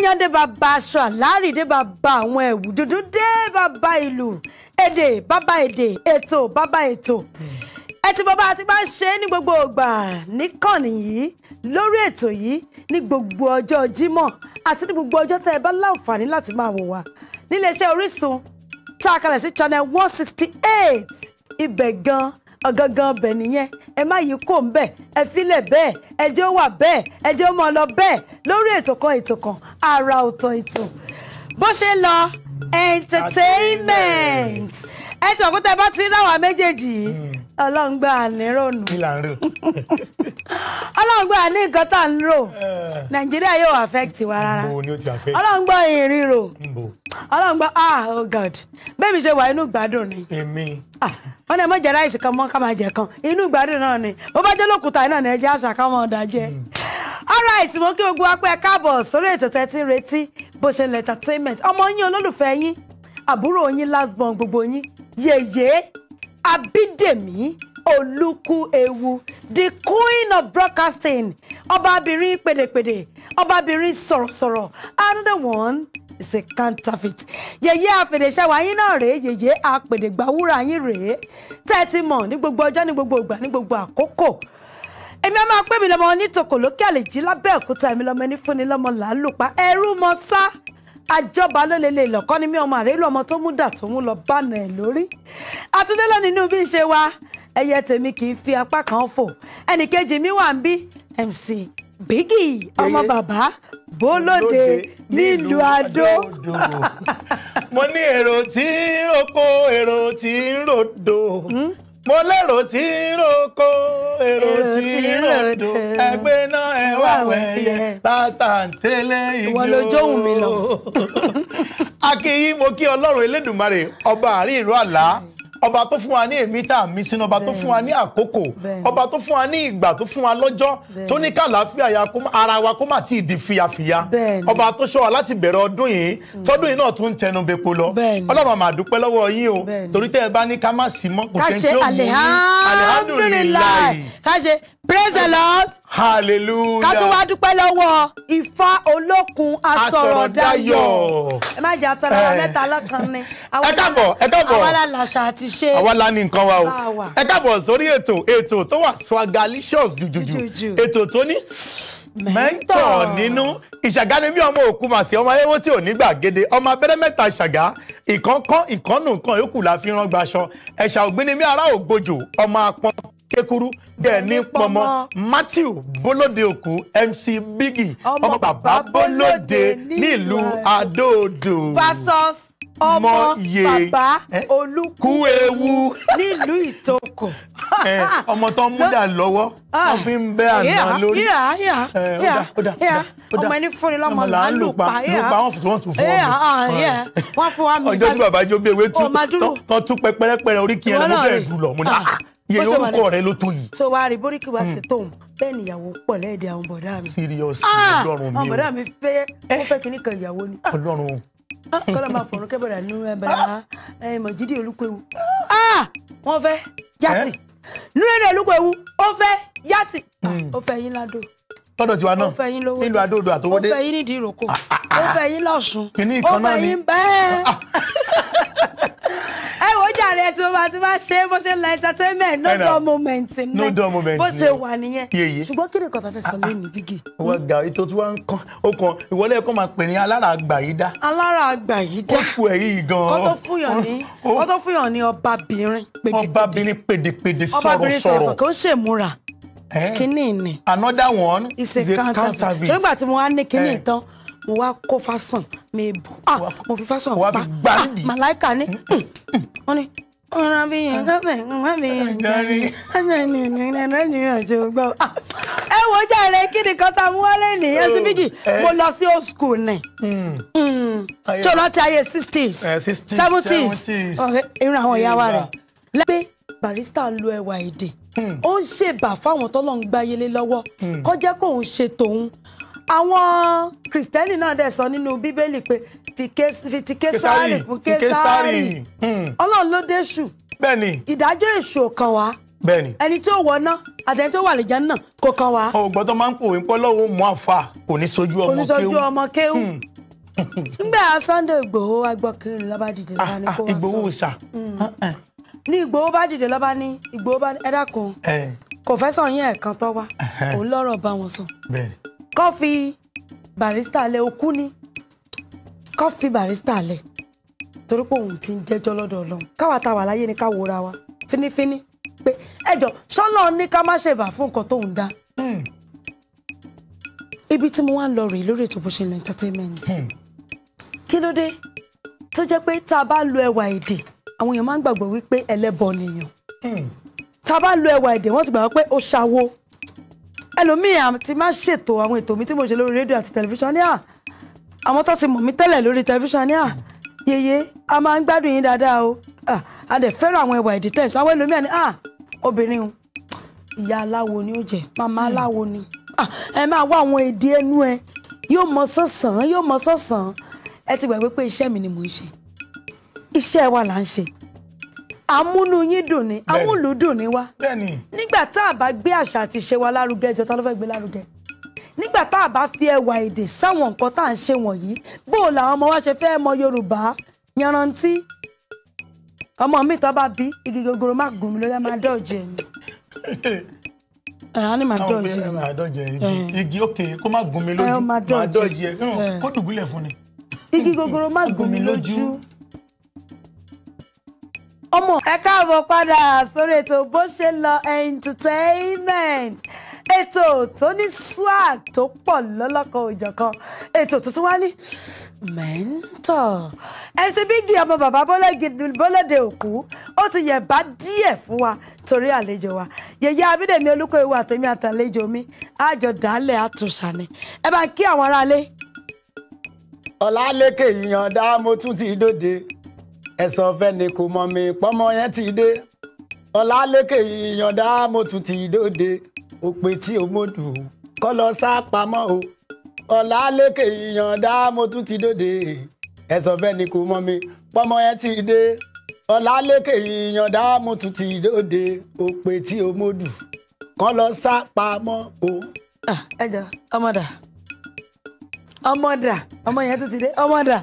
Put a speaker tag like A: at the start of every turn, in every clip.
A: yányán dé bàbá aṣọ àlárí dé bàbá àwọn ẹ̀wù dúdú dé bàbá ìlú èdè bàbá èdè ètò bàbá ètò ẹtì bàbá àti bá ń ṣe ní gbogbo ìgbà níkànnì yìí lórí ètò yìí ní gbogbo ọjọ́ Jímọ̀ àti ní gbogbo ọjọ́ tẹ́ ẹ bá láǹfààní láti máa wò wá níléeṣẹ́ Orísun tá a kalẹ̀ sí channel one sixty eight ibẹ̀ gan gangan bẹ̀ nìyẹn ẹ má yí kò ń bẹ̀ ẹ filẹ̀ bẹ́ẹ̀ ẹ jẹ́ ó wà bẹ́ẹ̀ ẹ jẹ́ ó mọ̀ lọ bẹ́ẹ̀ lórí ètò kan ètò kan àrà ọ̀tọ̀ ètò bó ṣe lọ entertainment ẹ sọ fún tẹ bá ti ń ráwà méjèèjì yìí. Hmm. ọlọ́ngbà ànírònú ọlọ́ngbà àní nǹkan tá ń rò eh. nàìjíríà yóò affect wa rárá ọlọ́ngbà ìrírò ọlọ́ngbà ah oh god bẹ́ẹ̀mi ṣe wà inú gbádùn ni ah, wọ́n ní ẹ mọ̀ jẹ́ kan mọ́ ká máa jẹ kan inú gbádùn náà ni ó bá jẹ́ lókùtà náà àṣà ká jẹ́ hmm. mo kí ogun apẹ́ káàbọ̀ sórí ètò ọmọ yín olólùfẹ́ yín àbúrò yín last gbogbo yín Abídèmí Ewu, the queen of broadcasting ọbaabìnrin pèdèpèdè ọbaabìnrin sọ̀rọ̀sọ̀rọ̀ another one is a counterfeit yèyé àfèdèṣẹ́wà yín náà rèé yèyé àpèdègbàwúrà yín rèé tẹ́ẹ̀tì mọ̀ ní gbogbo ọjọ́ ní gbogbo ìgbà ní gbogbo àkókò èmi máa pè mí lọ́mọ onítòkò lókè àlèjì lábẹ́òkúta èmi lọ́mọ ẹni fúnni lọ́mọ làálùpá ẹrú mọ sá àjọba ló lè lè lọ́kọ́ ni mí ọmọ àrélù ọmọ tó mú dà tó mú lọ bánà ẹ̀ lórí àtúndélé nínú bí ṣe wa ẹyẹ tèmi kì í fi apá kan fò ẹnìkejì mi wà ń bí MC Biggy ọmọ bàbá bólóde nílùú adó. mo ní èrò tí ń roko
B: èrò tí ń rodo. Hmm? mo lérò tí ń roko èrò tí ń ròdò ẹgbẹ́ náà ẹ wà wẹ̀yẹ látàntẹ́lẹ̀ igi ìwọ ló jóhùn mo kí ọlọ́run elédùnmarè ọba àrí àlá ọba tó fún wa ní èmi tá a mi sínú ọba tó fún wa ní àkókò ọba tó fún wa ní ìgbà tó fún wa lọ́jọ́ tó ní kàlàáfíà ya ara wa kó má ti di fìyàfìyà ọba tó ṣọ́ wa láti bẹ̀rẹ̀ ọdún yìí mm. tọ́dún yìí náà tún ń tẹnu bepo lọ ọlọ́run àmà dúpẹ́ lọ́wọ́ yín o torí tẹ́ ẹ bá ní ká má sí mọ́ kò kẹ́ ó mú yín alihamudulilayi
A: ká praise the lord hallelujah ká tún wá dúpẹ́ lọ́wọ́ ifá olókun asọ̀rọ̀dayọ̀ ẹ má jẹ́ atọ́ra wa eh. mẹ́ta lọ́kàn ni ẹ káàbọ̀ ẹ káàbọ̀ àwa la làṣà àti ṣe àwa la nǹkan wa o ẹ
B: káàbọ̀ sórí ètò ètò tó wà swagalicious jùjùjù ètò tó ní mẹ́ńtọ̀ nínú ìṣàgá ni bí ọmọ òkú màsí ọmọ ayéwo tí ò ní gbàgede ọmọ abẹ́rẹ́ mẹ́ta ṣàgá ìkọ́ńkọ́ ìkọ́nù kan yòókù la fi rán gbaṣọ ẹ̀ṣà ògbìn ni mí ògbójò ọmọ apọ́n kékurú dẹ̀ni pọmọ matthew bolóde òkú mc biggie ọmọ bàbá bolóde nílùú adóodò. versus ọmọ bàbá olúkú ewu nílùú ìtòkò. ọmọ tó ń múdà lọ́wọ́
A: ah. wọ́n fi ń bẹ́ àná lórí. ọmọ ẹni fúnni lọ́mọ là ń lù pa. lù pa wọ́n fún wọn tún fún ọmọ. Ah, ah, wọ́n fún wa mi. ọjọ́ tí bàbá jó
B: bí ewé tó tún pẹ́pẹ́rẹ́pẹ́rẹ́ orí kí ẹ lọ́mọ bẹ́ẹ̀ dùn lọ. mo ní iye orúkọ rẹ ló tó yìí.
A: tó wàá rí boríkì wá hmm. tóun bẹ́ẹ̀ ni ìyàwó pọ̀ lẹ́ẹ̀dẹ̀ àwọn bọ̀dá mi. serious ọlọ́run mi o. àwọn mi fẹ́ ó eh. fẹ́ kíní kan ìyàwó ni. ọlọ́run Ah, kọ́lọ́ máa fọ̀rọ̀ kẹ́bẹ̀rẹ̀ nínú ẹbẹ̀ ẹ̀ ah! mọ̀jídì olúkúewu ah! wọ́n fẹ́ yàtì eh? nírẹ̀lẹ̀ olúkúewu ó fẹ́ yàtì hmm. ó fẹ́ yín ládò tọ́dọ̀ tiwa náà ó fẹ́ yín lówó nílùú adóodò àtọwọ́dé ó fẹ́ yín nídìí ìrókò ó fẹ́ yín lọ́sùn ó fẹ́ yín bẹ́ẹ̀. yẹn tí mo bá ti máa ṣe bó ṣe la entertainment no dull moment ní no dull moment bó ṣe wà nìyẹn
B: ṣùgbọ́n kí ni kọ́tà fẹ́ sọ lẹ́nu bígì. wọ́n ga ètò tí wọ́n kàn ó kàn ìwọlé ẹ̀kọ́ máa pè ní alára àgbà yìí dá. alára àgbà yìí dá kó ẹ̀ yìí gan-an. kó
A: tó fúyàn ní ní ọbabìnrin pèdèpèdè ọbabìnrin pèdèpèdè sọ̀rọ̀sọ̀rọ̀ kò ń ṣèmúra kíní ni. another one is a counterfeit. ṣé nígbà tí mo wá ní kíní ìtàn mo wá kó fásán mi bò ah mo fi fásán pa ah màláìka ní mm, mm, mm. wọ́n ní ọ̀rọ̀ bí yẹn kọ́fẹ̀ ah. kọ́fẹ̀ bí yẹn jẹ́rí ẹ̀sẹ̀ ni ìrìn ẹ̀rẹ́jì yẹn ṣe gbọ́. ẹ wo jàre kí ni kọ́ta mú wọlé ní ẹsibíjì mo lọ sí old school ni tó hmm. hmm. lọ ti ayé
B: sixties eh, seventies irun àwọn ìyá wa rẹ̀
A: lẹ́gbẹ́ barista ń lo ẹwà èdè hmm. ó ń ṣèbà fáwọn tọ́lọ́ ń gbáyélé lọ́wọ́ kọjá kóun ṣe tòun àwọn kìrìsìtẹ́nì náà dẹ̀ sọ nínú bíbélì pé fi ti késàrì fún késàrì hmm. ọlọ́run ló déṣù bẹ́ẹ̀ni ìdájọ́ èṣù kan wá bẹ́ẹ̀ni ẹni tí ó wọná àtẹni tó wà lè jẹun náà kò kan wá. ọgbọ́n tó máa ń pòwe pọ́lọ́wọ́ mú àfa kò ní sojú ọmọ kéwù kò ní sojú ọmọ kéwù hmm. nígbà Sunday Ìgbòho agbọ́kiri lọ́ba dìde lọ́ba ní ah, ah, kó wá sọ Ìgbòho sà. Hmm. Ah, eh. ní Ìgbòho bá dìde lọ́ba ní Ìgbòho bá ẹ dákun eh. kò fẹ́ sàn yín ẹ̀ẹ̀kan tó wá òun lọ́rọ̀ bá wọn sọ. kọ́ barista lé okú ni ká barista lẹ̀ torí pé òun ti ń jẹ́jọ́ lọ́dọ̀ ọlọ́run káwa ta wà láyé ni ká wòra wa fínífíní pé ẹjọ́ ṣọ́nà ní ká má ṣèbà fún nǹkan tó ń dá. Hmm. ibi tí mo wá ń lọ rèé lórí ètò bó ṣe lọ entertainment. Hmm. kí ló dé tó jẹ́ pé tá a bá lo ẹwà èdè àwọn èèyàn máa ń gbàgbọ́ wípé ẹlẹ́bọ nìyàn. Hmm. tá a bá lo ẹwà èdè wọ́n ti gbàgbọ́ pé ó ṣàwo ẹlòmíì àti má ṣètò àwọn ètò mi tí mo ṣe lórí rédíò àti tẹlifíṣàn ní à àwọn tó ti mọ̀ mí tẹ́lẹ̀ lórí tẹlifíṣàn ní à yeye a máa ń gbádùn yín dáadáa o a dẹ̀ fẹ́ràn àwọn ẹwà ìdí tẹ̀sán àwọn ẹlòmíràn ní à obìnrin o ìyá aláwo ni ó jẹ màmá hmm. aláwo ni ẹ máa wá àwọn èdè ẹnu ẹ yóò mọ sọ̀sán yóò mọ sọ̀sán ẹ ti gbàgbé pé iṣẹ́ mi ni mò ń ṣe iṣẹ́ wa là ń ṣe àmúnú yín dùn ní àmúlùdùn ní wa nígbà tá a bá gbé àṣà àti ìṣe wa lárugẹ ìjọ ta ló fẹ́ gbé lárugẹ nígbà tá a bá fi ẹwà èdè sáwọn nǹkan tá à ń ṣe wọ̀nyí bó o làwọn ọmọ wa ṣe fẹ́ mọ yorùbá yanrantí ọmọ mi tó bá bí igi gogoro má gùn mí lórí ẹ má dọ̀jẹ̀ ni ẹ̀hán ni màá dọ̀jẹ̀
B: ẹ̀ máa dọ̀jẹ̀ igi òkè kó má gùn mí lójú máa dọ̀jẹ̀ kó
A: dùbúlẹ̀ fún ni. igi gogoro má gùn mí lójú. ọmọ ẹ káàbọ̀ padà sórí ètò bó ṣe lọ entertainment ètò tó ní swag tó pọ̀ lọ́lọ́kan òjọ̀kan ètò tó tún wá ní mẹ́ńtọ̀ MC Biggy ọmọ bàbá bọ́lọ́dẹ òkú ó ti yẹ̀ bá díẹ̀ fún wa torí àlejò wa yèyé abídèmí olùkọ́ ewu àtẹ̀mí àtàlejò mi àjọ dálẹ̀ àtúnṣà ni ẹ bá kí àwọn aráalé.
C: ọ̀làlékè ìyànda mo tún ti dóde ẹ̀sán fẹ́ni kò mọ̀ mi pọ́mọ yẹn ti dé ọ̀làlékè ìyànda mo tún ti dóde òpè tí o mọ̀dù kọ́ lọ sá pamọ́ o ọ̀la lékè ìyànda mo tún ti dòde ẹ̀sọ̀ fẹ́ ni kò mọ̀ mi pọ́mọ yẹn ti dé ọ̀la lékè ìyànda mo tún ti dòde òpè tí o mọ̀dù kọ́ lọ sá pamọ́ o. ẹ jọ ọmọ dà
A: ọmọ yẹn tún ti dé ọmọ dà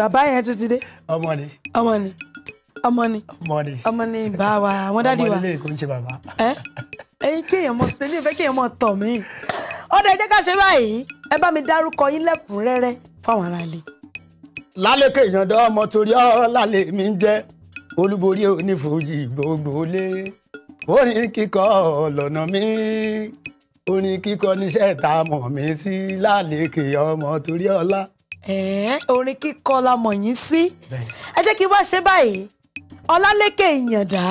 A: bàbá yẹn tún ti dé ọmọ ni ọmọ ni bá wa àwọn dádì wa ọmọ nílé kò ń ṣe bàbá ẹyin kéèyàn mọ sílẹ̀ ìfẹ́ kéèyàn mọ tọ̀ mí ọdọ ẹ jẹ́ ká ṣe báyìí ẹ bá mi dárúkọ yín
C: lẹ́kùnrẹ́rẹ́ fáwọn aráalé. lálẹ́ kéèyàn dán ọmọ torí ọ́ lálẹ́ mi jẹ́ olúborí onífojì gbogbo lé orin kíkọ lọ́nà mi orin kíkọ níṣẹ́ tá mọ̀ mí sí lálẹ́ kéèyàn ọmọ torí ọlá. ẹ̀ẹ́ orin kíkọ la mọ̀ yín sí ẹ jẹ́ kí wá ṣe báyìí
A: ọlálékè ìyàndá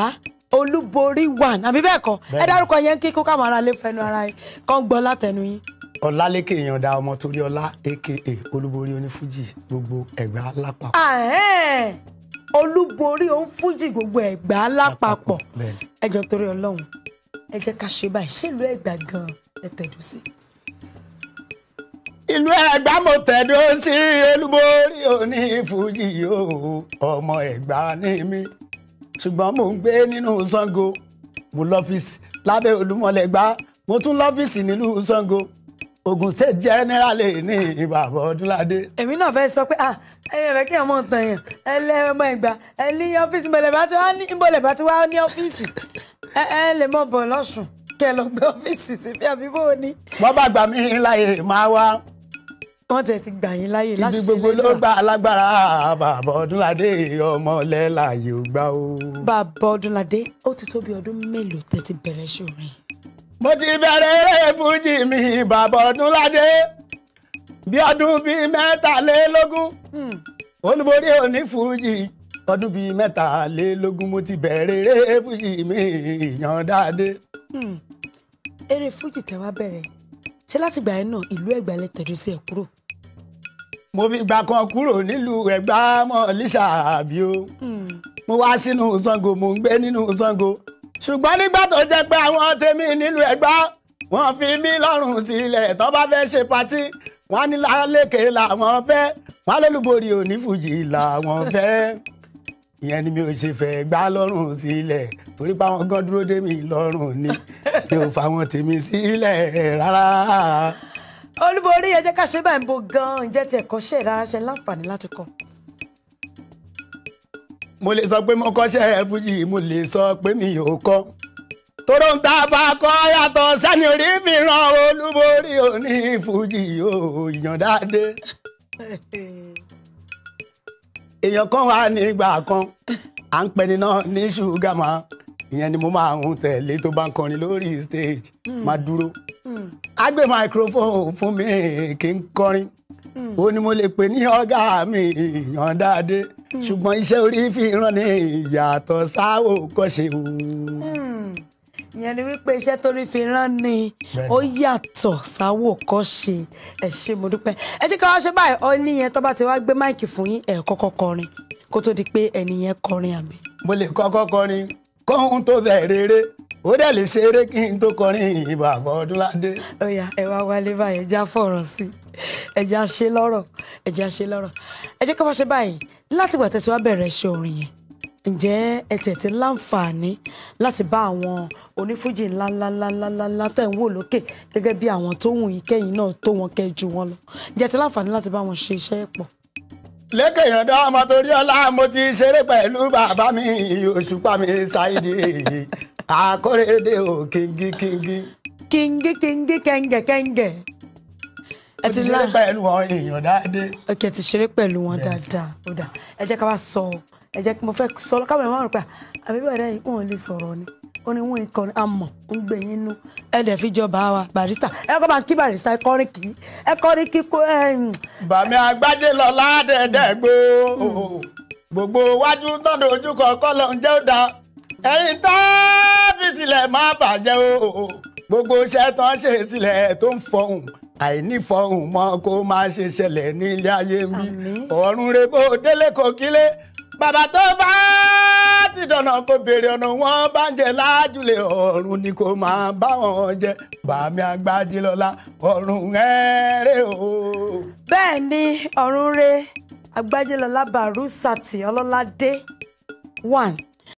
C: olúborí one àbí bẹ́ẹ̀ kọ́ ẹ dárúkọ
A: yẹn kí kó káwọn aráalé fẹnu ara yín kán gbọ́ látẹnu yín.
C: ọlálékè èèyàn da ọmọ torí ọlá aka olúborí onífújì gbogbo ẹ̀gbá lápapọ̀.
A: olúborí onífújì gbogbo ẹ̀gbá lápapọ̀ ẹ jọ̀ọ́ torí ọlọ́run ẹ jẹ́ ká ṣe báyìí sílùú ẹ̀gbá gan-an ẹ tẹ̀dú sí.
C: ìlú ẹ̀gbá mo tẹ̀dú sí olúborí onífújì yóò ọmọ ẹ̀gbá ní mi ṣùgbọ́n mò ń gbé nínú Ṣàngó mo lọ́fíìsì lábẹ́ Olúmọlẹ́gbà mo tún lọ́fíìsì nílùú Ṣàngó Ogun State General ní ìbàbọ Ọdúnládé. èmi náà fẹ́ sọ pé ah ẹyẹ rẹ kí ọmọ nǹkan yẹn ẹ lẹ ọmọ ìgbà ẹ
A: ní ọ́fíìsì ìbọlẹ̀bá tí wàá ní ìbọlẹ̀bá tí wàá ní ọ́fíìsì ẹ ẹ lè mọ̀ bọ̀ lọ́sùn
C: kẹ lọ gbé ọ́fíìsì sí bí àbíbó ni. wọ́n bá gbà mí láyè máa wá wọ́n tẹ̀ ti gbà yín láyè láti ṣe ibi gbogbo ló gba alágbára bàbá ọdúnládé ọmọlẹ́ láàyè ò gbá o. bàbá ọdúnládé ó ti tó bí ọdún mélòó tẹ̀ ti bẹ̀rẹ̀ ṣòrin. mo ti bẹ̀rẹ̀ eré fújì mi bàbá ọdúnládé bí ọdún bíi mẹ́tàlélógún hmm. olúborí òní fújì ọdún bíi mẹ́tàlélógún mo ti bẹ̀rẹ̀ eré fújì mi ìyàndáadé.
A: Hmm. eré fújì tẹ wá bẹ̀rẹ̀ ṣé látìgbà yẹn náà ìlú Ẹ̀gbá lẹ tẹ̀dó sí ẹ̀ kúrò
C: mo fi gbà kan kúrò nílùú ẹ̀gbá mọ̀lísà àbí o hmm. mo wá sínú Ṣàngó mo ń gbé nínú Ṣàngó ṣùgbọ́n nígbà tó jẹ́ pé àwọn tèmi nílùú ẹ̀gbá wọ́n fi mí lọ́rùn sílẹ̀ tó bá fẹ́ ṣe patí wọ́n ní lálékè làwọn fẹ́ wọ́n lólùborí onífújì làwọn fẹ́ ìyẹn ni mi ò ṣe fẹ́ gbá lọ́rùn sílẹ̀ torí pé àwọn gan dúró dé mi lọ́rùn ni mi ò fà wọn tèmi sílẹ̀ rárá
A: olúborí ẹ jẹ́ ká ṣe báyìí bo gan-an ǹjẹ́ tiẹ̀ kọ́ṣẹ́ ìrara ṣe láǹfààní láti kọ́.
C: mo lè sọ pé mo kọ́ṣẹ́ fújì mo lè sọ pé mi ò kọ́ tóró ń ta bá kọ́ yàtọ̀ sẹ́ni orí fi ràn olúborí òní fújì ò ìyàndáde èèyàn kan wà nígbà kan à ń pẹ́ni náà ní ṣúgà máa ìyẹn ni mo máa ń tẹ̀lé tó bá ń kọrin lórí stage hmm. máa dúró á hmm. gbé microphone fún mi kí n kọrin hmm. ó ní mo lè pè ní ọ̀gá mi Ìyàndáadé ṣùgbọ́n iṣẹ́ orí fi ràn ní ìyàtọ̀ sáwò kọ́ṣe o
A: ìyẹn ni wípé iṣẹ́ torí fi rán ni ó yàtọ̀ sáwò kọ́ ṣe ẹ ṣé mo dúpẹ́ ẹ ṣe kí wọ́n ṣe báyìí ọ níyẹn tó bá ti wá gbé máìkì fún yín ẹ kọ́kọ́ kọrin kó tó di pé ẹnìyẹn kọrin
C: àbí. mo lè kọ́kọ́ kọrin kóhun tó bẹ̀ rere ó dẹ̀ lè ṣeré kí n tó kọrin ìyìn bàbá ọdúnládé. ó yá ẹ wá wálé báyìí ẹ já fọ̀rọ̀ sí ẹ já
A: ṣe lọ́rọ̀ ẹ já ṣe lọ́rọ̀ ẹ jẹ́ ká wá ṣe báyìí láti ìgbà tẹ̀síwá bẹ̀rẹ̀ ṣe orin yẹn ǹjẹ́ ẹ tẹ̀tí láǹfààní láti bá àwọn onífújì ńláńláńláńláńlá tẹ̀ ń wò lókè gẹ́gẹ́ bí àwọn tó wù yín kẹ́yìn náà tó wọn kẹ́ ju wọn lọ ǹjẹ́ ẹ láǹfààní
C: láti bá wọn ṣe iṣẹ́ pọ̀ lẹ́kẹ̀ ìyànda ọmọ torí ọlá mo ti ṣeré pẹ̀lú bàbá mi òṣùpá mi ṣáìdì àkórèdè ò kíngí kíngí. kíngí kíngí kẹ́ńgẹ̀ kẹ́ńgẹ̀. ẹ ti ṣeré pẹ̀lú wọn èèyàn dáadé. ok
A: ẹ ti ṣeré pẹ̀lú wọn dáadáa ó ẹ jẹ́ ká wá sọ ẹ jẹ́ mo fẹ́ sọ káwọn ẹ̀ máa rò pé àbí bàdá yìí kò ń lè sọ̀rọ̀ ni orin wọn ìkọrin amọ̀ ń gbé yín nú ẹ dẹ̀ fi jọba wa barista ẹ kọ́ bá kí barista ẹ kì í ẹ kíkó
C: bàmí àgbájé lọ ládẹ́dẹ́ gbó gbogbo wájú tọ́dọ̀ ojúkọ kọ́lọ̀ ń jẹ́ ó da ẹ̀yin tó fi sílẹ̀ má bàjẹ́ o gbogbo iṣẹ́ ṣe sílẹ̀ tó ń fọhùn àìnífọhùn mọ́ kó máa ṣe ṣẹlẹ̀ nílé ayé mi ọ̀run rẹ̀ bó délé kò kílé bàbá tó bá ti dọ̀nà kó béèrè ọ̀nà wọn bá ń jẹ lájúlé ọ̀run ni kò máa bá wọn jẹ bàmí agbájílọ́lá ọ̀run ẹ̀rẹ́ o.
A: bẹ́ẹ̀ ni ọ̀run re agbájílọ́lá bàrú sàtì ọlọ́ládé one.